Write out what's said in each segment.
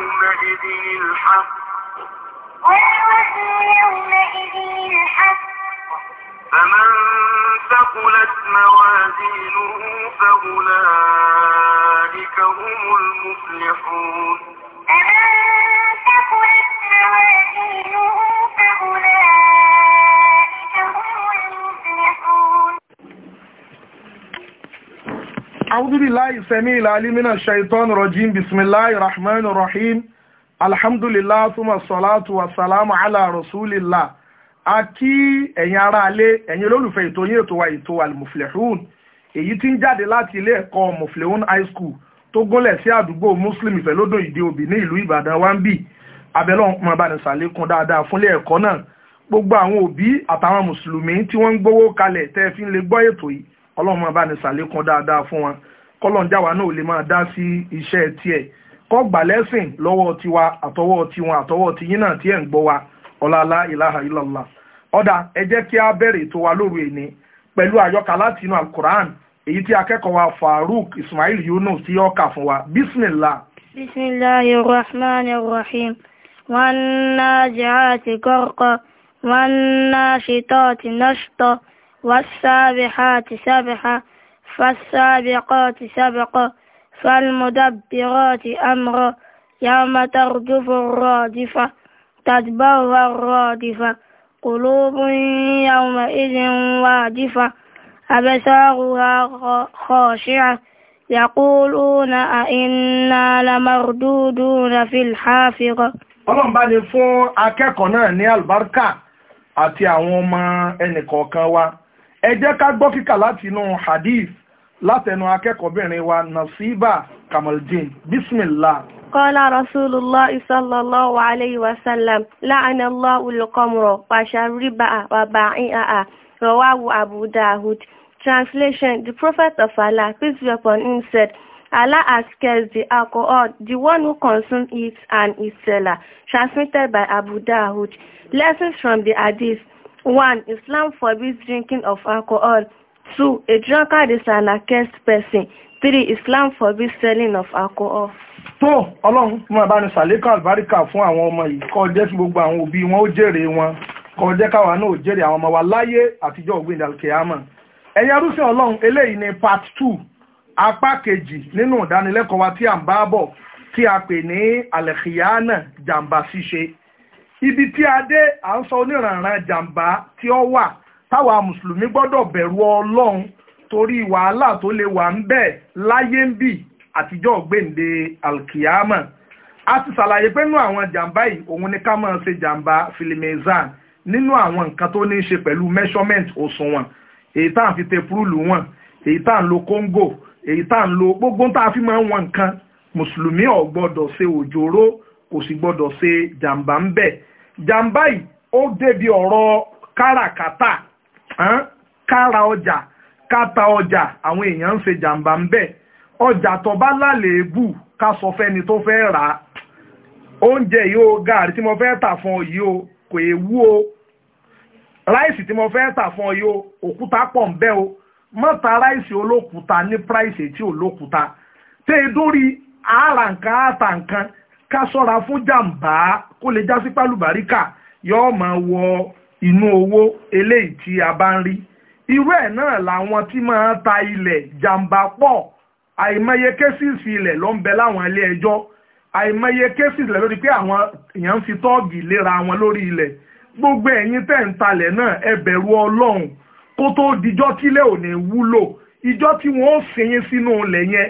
يومئذ الحق والوزن يومئذ الحق فمن ثقلت موازينه فأولئك هم المفلحون أعوذ بالله السميع العليم من الشيطان الرجيم بسم الله الرحمن الرحيم الحمد لله ثم الصلاة والسلام على رسول الله a kí ẹ̀yin ará alé ẹ̀yin olólùfẹ́ ètò yín ètò wa ètò al-muflihun èyí tí ń jáde láti ilé ẹ̀kọ́ muflihun high school tó gúnlẹ̀ sí àdúgbò muslim ìfẹ́lódùn ìdí òbí ní ìlú ìbàdàn wambi abẹ́lọ́ ọ̀pọ̀ abánisàlékún dáadáa fúnlé ẹ̀kọ́ náà gbogbo àwọn òbí àtàwọn mùsùlùmí tí wọ́n ń gbowó kalẹ̀ tẹ́ fi ń lè gbọ́ ètò yìí ọlọ́run máa bá ní sàlékún dáadáa fún wọn kọ́lọ̀ ń jáwa náà ò lè máa dá sí iṣẹ́ tiẹ̀ kọ́ gbà lẹ́sìn lọ́wọ́ tiwa àtọwọ́ tiwọn àtọwọ́ tiyín náà tí ń gbọ́ wa ọ̀làlá ìlàhà ìlàlá ọ̀dà ẹ jẹ́ kí a bẹ̀rẹ̀ ètò wa lóru èní pẹ̀lú àyọkà láti inú alukur'an èyí tí akẹ́kọ̀ọ́ wa Farouk Ismail Yunus tí yóò kà fún wa bismillah. bisimilahi rahman rahim wan naji'ati gharqa wan nashitati nashta. والسابحات سبحا فالسابقات سبقا فالمدبرات أمرا يوم ترجف الرادفة تتبوى الرادفة قلوب يومئذ وادفة أبصارها خاشعة يقولون أئنا لمردودون في الحافرة ọlọ́run bá ní fún akẹ́kọ̀ọ́ náà ní àlùbáríkà àti àwọn ọmọ ẹnìkọ̀ọ̀kan wa ẹ jẹ́ ká gbọ́ kíkà láti inú hadith látẹnu akẹ́kọ̀ọ́bìnrin wa nasiba kamaldin bismillah. Kọ́lá Rasulullah sallallahu alayhi wa sallam la'ana Allahu al-qamra wa shariba'a wa ba'i'a'a Translation, the Prophet of Allah, peace be upon him, said, Allah has cursed the alcohol, the one who consumes it and its seller. Transmitted by Abu Dawud. Lessons from the Hadith. One, Islam forbids drinking of alcohol. Two, A drunkard is an accursed person. Three, Islam forbids selling of alcohol. tó ọlọ́run máa bá ní sàlékà àlùbáríkà fún àwọn ọmọ yìí kọ́ jẹ́ kí gbogbo àwọn òbí wọn ó jèrè wọn kọ́ jẹ́ káwa náà ó jèrè àwọn ọmọ wa láyé àtijọ́ ògbìn alkeama ẹ̀yin arúfin ọlọ́run eléyìí ni part two apá kejì nínú ìdánilẹ́kọ̀ọ́ wa tí à ń bá bọ̀ tí a pè ní alẹ́kìyánà jàǹbá ṣíṣe ibi tí a dé à ń sọ oníranran jàǹbá tí ó wà táwa mùsùlùmí gbọ́dọ̀ bẹ̀rù ọlọ́run torí wàhálà tó lè wà ń bẹ̀ láyé ń bì àtijọ́ gbèǹde alkiyama a ti ṣàlàyé pé nínú àwọn jàǹbá yìí òun ni ká máa ṣe jàǹbá filimizan nínú àwọn nǹkan tó ní í ṣe pẹ̀lú measurement òṣùwọ̀n èyí tá à ń fi tepurulu wọn èyí tá à ń lo kóńgò èyí tá à ń lo gbogbo tá a fi máa ń wọn nǹkan mùsùlùmí ò ṣe òjòrò kò sì gbọ́dọ̀ ṣe jàǹbá ń bẹ̀ jàǹbá yìí ó débi ọ̀rọ̀ káràkátà kára ọjà káta ọjà àwọn èèyàn ń ṣe jàǹbá ń bẹ̀ ọjà tó bá lálẹ́ẹ̀bù ká sọ fẹ́ni tó fẹ́ rà á oúnjẹ yìí ó gààrí tí mo fẹ́ tà fún ọ yìí ó kò ewu o ráìsì tí mo fẹ́ tà fún ọ yìí ó òkúta pọ̀ ń bẹ́ o má ráìsì olókùúta ní práìsì tí olókùúta tẹ́ ẹ dórí àárà nǹkan àtà nǹkan ká sọ́ra fún jàǹbá kó lè já sí pálùbáríkà yóò máa wọ inú owó eléyìí tí a bá ń rí irú ẹ̀ náà làwọn tí máa ta ilẹ̀ jàǹbá pọ̀ àìmọye kéṣìṣì ilẹ̀ ló ń bẹ láwọn ilé ẹjọ́ àìmọye kéṣìṣì ilẹ̀ lórí pé àwọn èèyàn ń fi tọ́ọ̀gì léra wọn lórí ilẹ̀ gbogbo ẹ̀yin tẹ̀ ń talẹ̀ náà ẹ ọlọ́run kó tó dijọ́ tílé ò wúlò ìjọ́ tí wọ́n ó sin sínú ilẹ̀ yẹn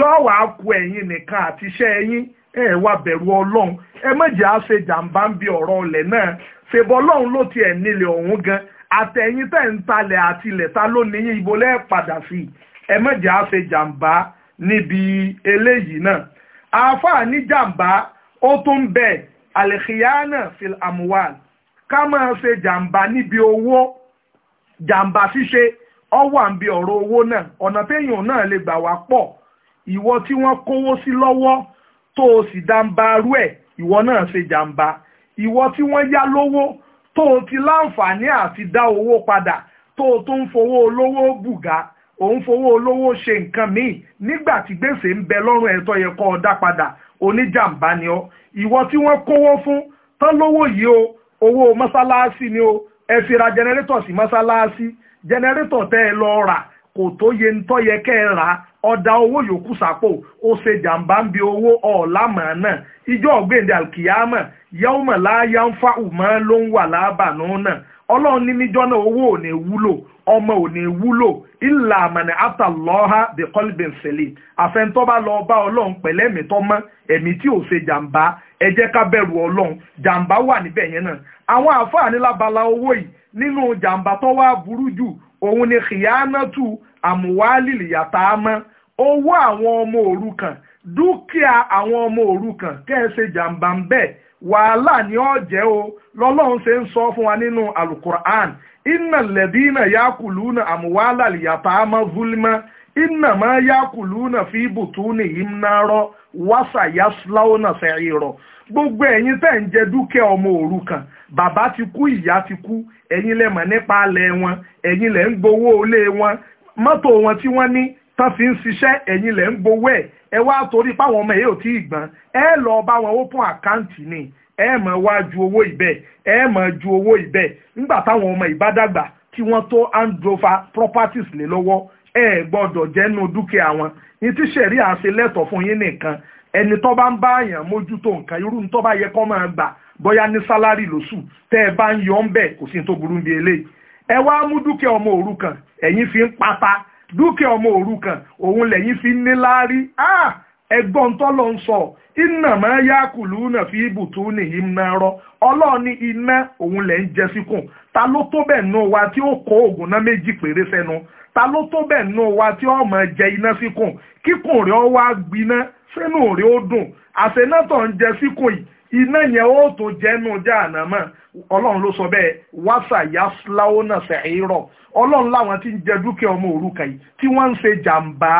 yóò wá ku ẹ̀yin nìkan àtiṣẹ́ ẹ̀yin ẹ wá bẹ̀rù ọlọ́run ẹ mọ̀jẹ̀ á ṣe jàǹbá ń bi ọ̀rọ̀ ọ̀lẹ̀ náà ṣèbọ̀ ọlọ́run ló tiẹ̀ nílẹ̀ ọ̀hún gan àtẹ̀yìn tẹ̀ ń talẹ̀ àti ilẹ̀ ta ló níyìn ibo lẹ́ padà sí i ẹ mọ̀jẹ̀ á ṣe jàǹbá níbi eléyìí náà àáfàá ní jàǹbá ó tún bẹ àlèkìyáná fil amuwal ká máa ṣe jàǹbá níbi owó jàǹbá ṣíṣe ọwọ́ àǹbí ọ̀rọ̀ owó náà ọ̀nà téèyàn náà lè gbà wá pọ̀ ìwọ tí wọ́n kówó sí lọ́wọ́ tó o sì jàǹbá rú ẹ̀ ìwọ náà ṣe jàǹbá ìwọ tí wọ́n yá lówó tó o ti láǹfààní àti dá owó padà tó o tó ń fowó olówó bùgá ò fowó olówó ṣe nǹkan míì nígbà tí gbèsè ń bẹ lọ́rùn ẹ̀ yẹ kó o dá padà oníjàǹbá ni ọ ìwọ tí wọ́n kówó fún tán lówó yìí o owó mọ́sálásí ni o ẹ fi ra jẹnẹrétọ̀ sí mọ́sálásí jẹnẹrétọ̀ tẹ́ ẹ lọ rà kò tó yẹ ń tọ́ yẹ kẹ́ ẹ rà á ọ̀dà owó yòókù sápò ó ṣe jàǹbá ń bi owó ọ̀làmọ̀ náà ìjọ ọ̀gbẹ́ndẹ̀ alkiyama yẹ́wùmọ̀ láyà ń fa ùmọ́ ló ń wà lábàánú náà ọlọ́run ní níjọ́ náà owó ò ní wúlò ọmọ ò ní wúlò ìlà àmàna àtàlọ́ha the colbin sele àfẹnutọ́ bá lọ bá ọlọ́run pẹ̀lẹ́ ẹ̀mí tọ́ mọ́ ẹ̀mí tí ò ṣe jàǹbá ẹ jẹ́ ká bẹ̀rù ọlọ́run jàǹbá wà níbẹ̀ yẹn náà àwọn àfáà lábala owó yìí nínú jàǹbá tó wá burú jù òun ni kìyànátù àmúwálìlì yàtá mọ́ owó àwọn ọmọ òrukàn dúkìá àwọn ọmọ òrukàn kẹ́ẹ̀ṣe jàǹbá ń bẹ́ẹ̀ wàhálà ni o je o lọ́lọ́run ṣe ń sọ fún wa nínú alukur'an iná lẹ́dínà yakulu na àmúwálà yàtàmá zulma iná máa yakulu na fi bùtúnì yìí ń rọ́ yasláwó na gbogbo ẹ̀yin tẹ́ ń jẹ dúkìá ọmọ òrukàn bàbá ti kú ìyá ti kú ẹ̀yin lẹ mọ̀ wọn ẹ̀yin ń gbowó wọn mọ́tò wọn tí wọ́n tán fi ń ṣiṣẹ́ ẹ̀yin lẹ̀ ń gbowó ẹ̀ ẹ wá torí páwọn ọmọ yìí ò tí ì gbọ́n ẹ lọ bá wọn open account ni ẹ máa wá ju owó ibẹ̀ ẹ máa ju owó ibẹ̀ nígbà táwọn ọmọ ìbádàgbà kí wọ́n tó hand properties lé lọ́wọ́ ẹ gbọ́dọ̀ jẹ́nu dúkìá wọn ní tí sẹ̀rí àṣẹ lẹ́tọ̀ fún yín nìkan ẹni tó bá ń bá àyàn mójútó nǹkan irú tó bá yẹ kó máa gbà bóyá ní sálárì lóṣù tẹ́ ẹ bá ń yọ ń bẹ̀ kò sí tó burú bí eléyìí ẹ wá mú dúkìá ọmọ òrukàn ẹ̀yin fi ń pátá dúkìá ọmọ òrukàn òun lẹ́yìn fi níláárí ẹgbọ́n tó ń sọ iná máa yá kùlù náà fi ibùtú nìyí náà rọ ọlọ́ọ̀ni iná òun lẹ́ ń jẹ síkùn ta ló tó bẹ́ẹ̀ nù wa tí ó kó oògùn náà méjì péré sẹ́nu ta ló tó bẹ́ẹ̀ nù wa tí ó máa jẹ iná síkùn kíkùn rẹ̀ ó wá gbiná sẹ́nu rẹ̀ ó dùn àṣẹ náà tó ń jẹ síkùn yìí iná yẹn ó tó jẹ́nu jáànámà ọlọ́run ló sọ bẹ́ẹ̀ wáṣà yasláwó náà ọlọ́run láwọn tí ń jẹ dúkìá ọmọ òrukàn yìí tí wọ́n ń ṣe jàǹbá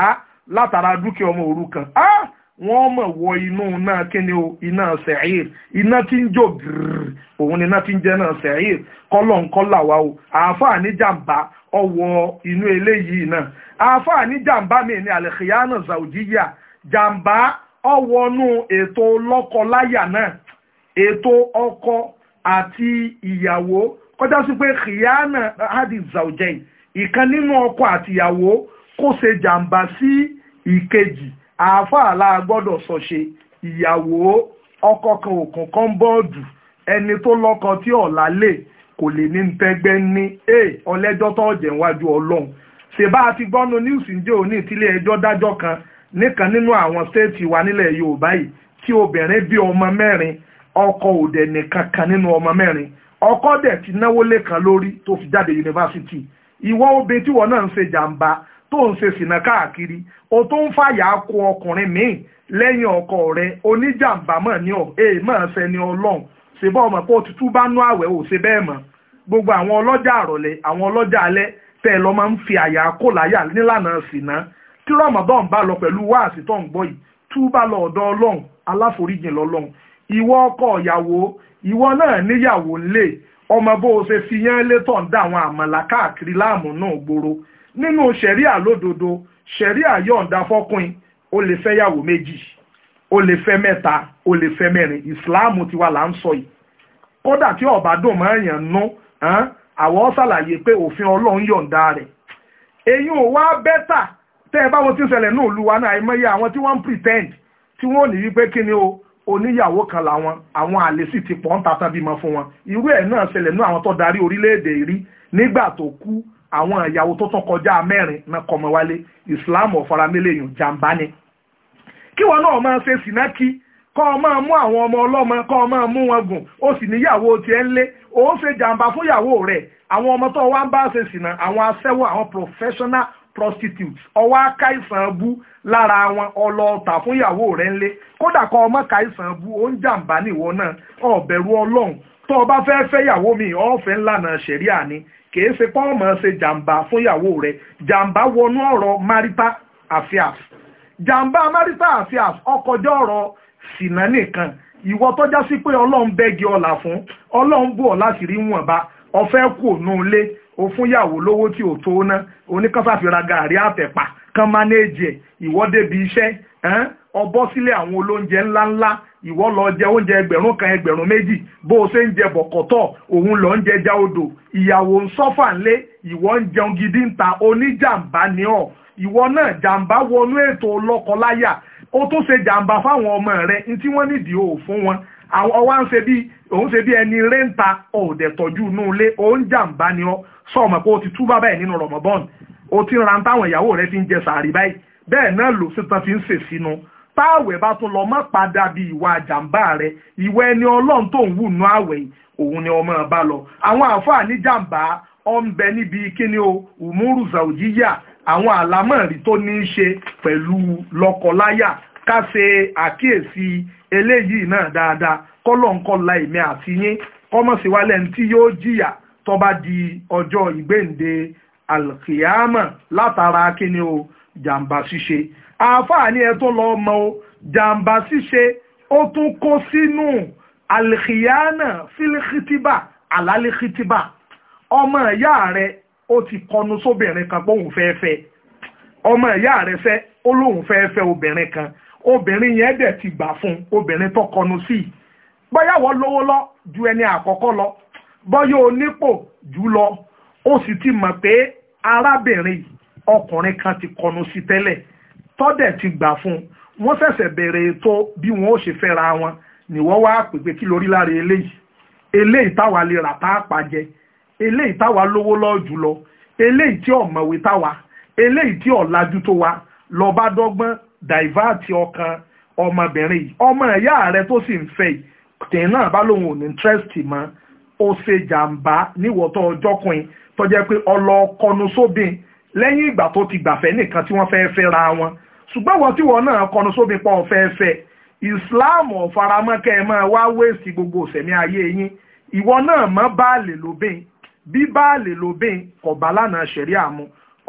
látara dúkìá ọmọ òrukàn á mọ̀ wọ inú náà kíni o iná iná ń jò òun ni iná ń náà sẹ̀hír wa o àáfàá ní jàǹbá inú eléyìí náà àáfàá ní jàǹbá mi ọwọ́nú ètò lọ́kọ-láyà náà ètò ọkọ àti ìyàwó kọjá sí pé kìyànà adìzàùjẹ́ ìkan nínú ọkọ àti ìyàwó kó ṣe jàǹbá sí ìkejì àáfàá la gbọ́dọ̀ sọ̀ṣe ìyàwó ọkọ kan òkun kan bọ́ọ̀dù ẹni tó lọ́kọ tí ọ̀la lè kò lè ní tẹ́gbẹ́ ní e ọlẹ́jọ́ tó jẹ́ wájú ọlọ́run ṣèbá àti gbọ́nu níwùsì ń jẹ́ òní ìtílé ẹjọ́ dájọ́ kan nìkan nínú àwọn stéètì wa nílẹ̀ Yorùbá yìí tí obìnrin bí ọmọ mẹ́rin ọkọ òdẹ nìkan kan nínú ọmọ mẹ́rin ọkọ dẹ̀ ti náwó lẹ́kan lórí tó fi jáde yunifásitì ìwọ obìnrin tí wọn náà ń ṣe jàǹbá tó ń ṣe sìnà káàkiri o tó ń fàyà kó ọkùnrin míì lẹ́yìn ọkọ rẹ oníjàǹbá mọ̀ ní ọ̀ èèmọ̀ ṣẹni ọlọ́run ṣèbọ̀ ọmọ pé o bá nú àwẹ̀ ò ṣe bẹ́ẹ̀ mọ́ gbogbo àwọn ọlọ́jà àrọ̀lẹ̀ àwọn ọlọ́jà alẹ́ tẹ́ ẹ máa ń fi àyà kó láyà nílànà sìnà tí Ramadan bá lọ pẹ̀lú wáàsí tó ń gbọ́ yìí túbà lọ ọ̀dọ̀ ọlọ́run aláforíjìn lọ́lọ́run ìwọ ọkọ ìyàwó ìwọ náà níyàwó ńlé ọmọ bó o ṣe fi yẹn lé tọ̀ ń dá àwọn àmàlà káàkiri láàmú náà gbòòrò nínú ṣẹ̀ríà lódodo ṣẹ̀ríà yọ̀ǹda fọ́kùnrin o lè fẹ́ yàwó méjì o lè fẹ́ mẹ́ta o lè fẹ́ mẹ́rin ìsìláàmù tiwa là ń sọ yìí kódà tí ọba dùn máa ń yàn nú àwọn ṣàlàyé pé òfin ọlọ́run yọ̀ǹda rẹ̀ èyí ò wá bẹ́tà tẹ́ ẹ bá wọn ti ń ṣẹlẹ̀ ní òlu wa náà àìmọye àwọn tí wọ́n ń pretend tí wọ́n nìyí pé kí ni o oníyàwó kan làwọn àwọn àlè sì ti pọ̀ ń bímọ fún wọn irú ẹ̀ náà sẹlẹ̀ ní àwọn tó darí orílẹ̀-èdè rí nígbà tó kú àwọn ìyàwó tó kọjá mẹ́rin náà wálé ìsìláàmù jàǹbá ni kí wọn náà máa ṣe kọ́ ọmọ ọlọ́mọ kọ́ ọ máa mú wọn gùn ó sì níyàwó ń lé ṣe jàǹbá fún ìyàwó rẹ̀ ọmọ tó wá ń bá ṣe sìnà àwọn àwọn Prostitutes ọwọ́ aká ìsàn bú lára wọn ọlọ́ọ̀tà fún ìyàwó rẹ̀ ńlẹ̀ kódà kọ́ ọmọ ká ìsàn bú ó ń jàǹbá níwọ náà ọ̀bẹ̀rù ọlọ́run tó o bá fẹ́ fẹ́ ìyàwó mi ọ̀fẹ́ ńlànà ṣẹ̀ríà ni kìí ṣe pọ́ọ̀mọ̀ ṣe jàǹbá fún ìyàwó rẹ̀ jàǹbá wọnú ọ̀rọ̀ marital affairs jàǹbá marital affairs ọkọjá ọ̀rọ̀ sìnà nìkan ìwọ tọ́já sí pé ọlọ́run bẹ́gi ọ̀là fún ọlọ́run bù ọ̀ láti rí wọ̀nba ọ̀fẹ́ kù ònú ilé o fún yàwó lówó tí ò tó ná oníkànfàfìra gàrí àtẹ̀pà kan mánéèjì ẹ̀ ìwọ́ bí iṣẹ́ ọbọ̀ sílé àwọn olóúnjẹ ńláńlá ìwọ́ lọ jẹ oúnjẹ ẹgbẹ̀rún kan ẹgbẹ̀rún méjì bó o ṣe ń jẹ bọ̀kọ̀tọ̀ òun lọ ń jẹ já odò ìyàwó ń sọ́fà ńlé ń jẹun gidi ń ta ó tó ṣe jàǹbá fáwọn ọmọ rẹ̀ ní tí wọ́n nídìí ò fún wọn àwọn ọwọ́ ń ṣe bí òun ṣe bí ẹni rẹ́ǹta ọ̀dẹ̀ tọ́jú inú ilé òun jàǹbá ni ọ sọ̀mọ̀ pé ó ti tú bábà ẹ̀ nínú rọ̀mọ́bọ́n ó ti ń ra táwọn ìyàwó rẹ̀ fi ń jẹ sàárì báyìí bẹ́ẹ̀ náà ló sì tán fi ń ṣe sínú táàwẹ̀ bá tún lọ má padà bí ìwà jàǹbá rẹ̀ ìwẹ́ ni ọlọ́run tó ń wù nú àwẹ̀ òun ni ọmọ bá lọ àwọn àfáà ní jàǹbá ọ̀ ń bẹ níbi kíni o umuru zaujiya àwọn àlámọ̀rí tó ní í ṣe pẹ̀lú lọ́kọláyà ká ṣe àkíyèsí eléyìí náà dáadáa kọ́lọ́ǹkọ́lá èmi àti yín kọ́mọ̀síwálẹ̀ ní tí yóò jìyà tó bá di ọjọ́ ìgbéǹde alkiyama látara kíni o jàǹbá ṣíṣe àfààní ẹ tó lọ mọ o jàǹbá ṣíṣe ó tún kó sínú alkiyana filikitiba alalikitiba ọmọ ìyá rẹ ó ti kọnu sóbìnrin kan pé òun fẹ́ fẹ́ ọmọ ìyá rẹ̀ fẹ́ ó lóun fẹ́ fẹ́ obìnrin kan obìnrin yẹn dẹ̀ ti gbà fún obìnrin tó kọnu sí i bóyá wọ́n lówó lọ ju ẹni àkọ́kọ́ lọ bóyá onípò jù lọ ó sì ti mọ̀ pé arábìnrin ọkùnrin kan ti kọnu sí tẹ́lẹ̀ tọ́dẹ̀ ti gbà fún wọ́n ṣẹ̀ṣẹ̀ bẹ̀rẹ̀ ètò bí wọ́n ó ṣe fẹ́ra wọn nìwọ́n wá pèpè kí lórí lára eléyìí eléyìí táwa lè rà tá a pàjẹ́ eléyìí táwa lówó lọ́ọ́ jùlọ eléyìí tí ọ̀mọ̀wé táwa eléyìí tí ọ̀làjú tó wa lọ́ba dọ́gbọ́n dàìváàtì ọkàn ọmọbìnrin yìí ọmọ ìyá rẹ tó sì ń fẹ́ yìí tẹ̀yìn náà bá lóun ò ní interest mọ́ ó ṣe jàǹbá níwọ̀tọ́ ọjọ́kùnrin tó jẹ́ pé ọlọ́ọ̀kọnu sóbìn lẹ́yìn ìgbà tó ti gbàfẹ́ nìkan tí wọ́n fẹ́ fẹ́ ra wọn ṣùgbọ́n wọ́n tí wọ́n náà kọnu sóbìn pọ̀ fẹ́ fẹ́ Islam ọ̀faramọ́kẹ́ máa wá wéèsì gbogbo ìṣẹ̀mí ayé yín ìwọ náà mọ́ báàlè lóbìn bí báàlì lóbìn kò bá lánàá ṣẹ̀rí àmú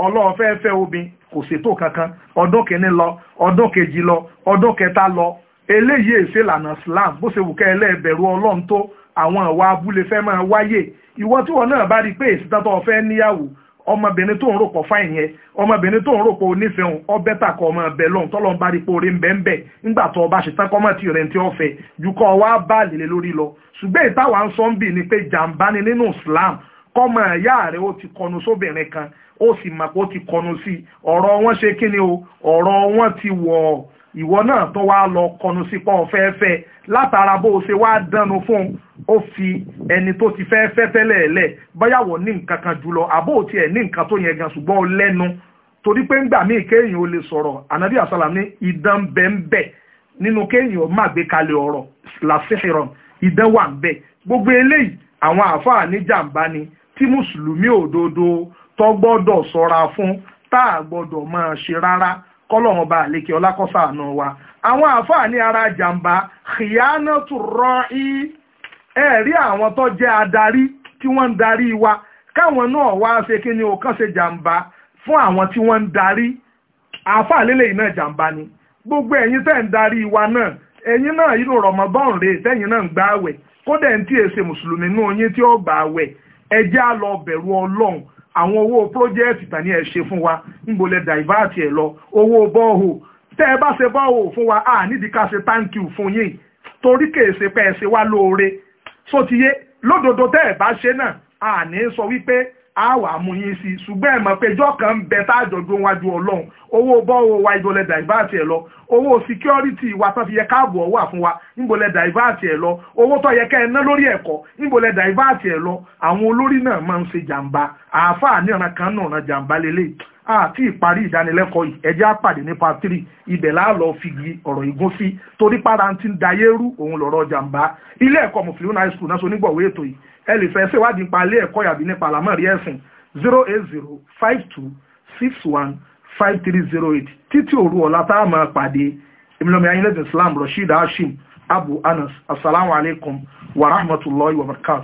ọlọ́ọ̀fẹ́ fẹ́ obìn kò ṣètò kankan ọdún kìíní lọ ọdún kejì lọ ọdún kẹta lọ eléyìí èsè lànà slam bó ṣe wù ká ẹlẹ́ẹ̀bẹ̀rù ọlọ́run tó àwọn ìwà abúlé fẹ́ máa ìwọ tí wọn náà bá rí pé èsì tátọ́ ọ̀fẹ́ níyàwó tó ń rò pọ̀ fáìn yẹn ọmọbìnrin tó ń rò ọmọ ẹ̀bẹ̀ bá ọba ṣetán tí rẹ̀ ń tí lọ ṣùgbọ́n ìtawà ń sọ ń bì ni pé jàǹbá ni nínú Islam kọ́mọ ìyá rẹ̀ ó ti kọnu sóbìnrin kan ó sì mọ̀ pé ó ti kọnu sí i ọ̀rọ̀ wọn ṣe kí ni o ọ̀rọ̀ wọn ti wọ̀ ọ́ ìwọ náà tó wá lọ kọnu sí pọ́ fẹ́ẹ́fẹ́ látara bó o ṣe wá dánu fún ó fi ẹni tó ti fẹ́ẹ́fẹ́ tẹ́lẹ̀ ẹ̀lẹ̀ báyàwó ní nǹkan kan jùlọ àbó òtí ẹ̀ ní nǹkan tó yẹn gan ṣùgbọ́n ó lẹ́nu torí pé ńgbà míì kéèyàn ò lè sọ̀rọ̀ ànábì àsálàm ní idán bẹ́ńbẹ́ nínú kéèyàn má gbé kalẹ̀ ọ̀rọ̀ làṣẹ́hìrán idán wà ń bẹ gbogbo eléyìí àwọn àáfàá níjàmbá ni tí mùsùlùmí òdodo tó gbọ́dọ̀ sọ́ra fún tá a gbọ́dọ̀ máa ṣe rárá kọ́lọ́run bá àlékè ọlákọ́sà àná wa àwọn àáfàá ní ara jàǹbá kìyànà tó rọ í ẹ̀rí àwọn tó jẹ́ adarí tí wọ́n ń darí wa káwọn náà wá ṣe kí ni òkan ṣe jàǹbá fún àwọn tí wọ́n ń darí àáfàá lélẹ̀ yìí jàǹbá ni gbogbo ẹ̀yin tẹ́ ń darí wa náà ẹ̀yin náà yìí ló rọ̀mọ́bọ́n rèé tẹ́yin náà ń gbààwẹ̀ kódà ń tí èsè mùsùlùmí nú oyin tí ó gbààwẹ̀ ẹ jẹ́ á lọ bẹ̀rù ọlọ́run àwọn owó pírójẹ́ẹ̀tì tàní ẹ̀ ṣe fún wa níbo lẹ dàìváàtì ẹ̀ lọ owó bọ́ọ̀hù tẹ́ ẹ bá ṣe bọ́ọ̀hù fún wa a nídìí ká ṣe thank fún yín torí kèé ṣe pé ṣe wá lóore sótìyé lódodo tẹ́ ẹ bá ṣe náà a ní sọ wípé awa wà isi yín sí ṣùgbọ́n ẹ̀mọ̀ péjọ́ kan ń bẹ tá wájú ọlọ́run owó bọ́wọ́ wa ìbọ̀lẹ̀ dàìváàtì ẹ̀ lọ owó síkírọ́rìtì wa tó fi yẹ káàbù ọ̀wọ́ àfún wa ìbọ̀lẹ̀ dàìváàtì ẹ̀ lọ owó tó yẹ kẹ́ẹ̀ ná lórí ẹ̀kọ́ ìbọ̀lẹ̀ dàìváàtì ẹ̀ lọ àwọn olórí náà àti ìparí ìdánilẹ́kọ̀ọ́ yìí ẹjẹ́ àpàdé ní part three ibẹ̀ láàlọ́ fìgì ọ̀rọ̀ igun sí torí paranti ń dayé rú òun lọ́rọ̀ jàǹbá ilé ẹ̀kọ́ mufilun high school náà so onígbọ̀wé ètò yìí ẹ lè fẹ́ ṣèwádìí nípa ilé ẹ̀kọ́ yàbí nípa àlámọ̀rí ẹ̀sìn zero eight zero five two six one five three zero eight títí òru ọ̀la tá a máa pàdé ìmìlọ́mì ayélujára islam rasheed hashim abu anas asalaamualeykum wa rahmatulahi wa barakatu.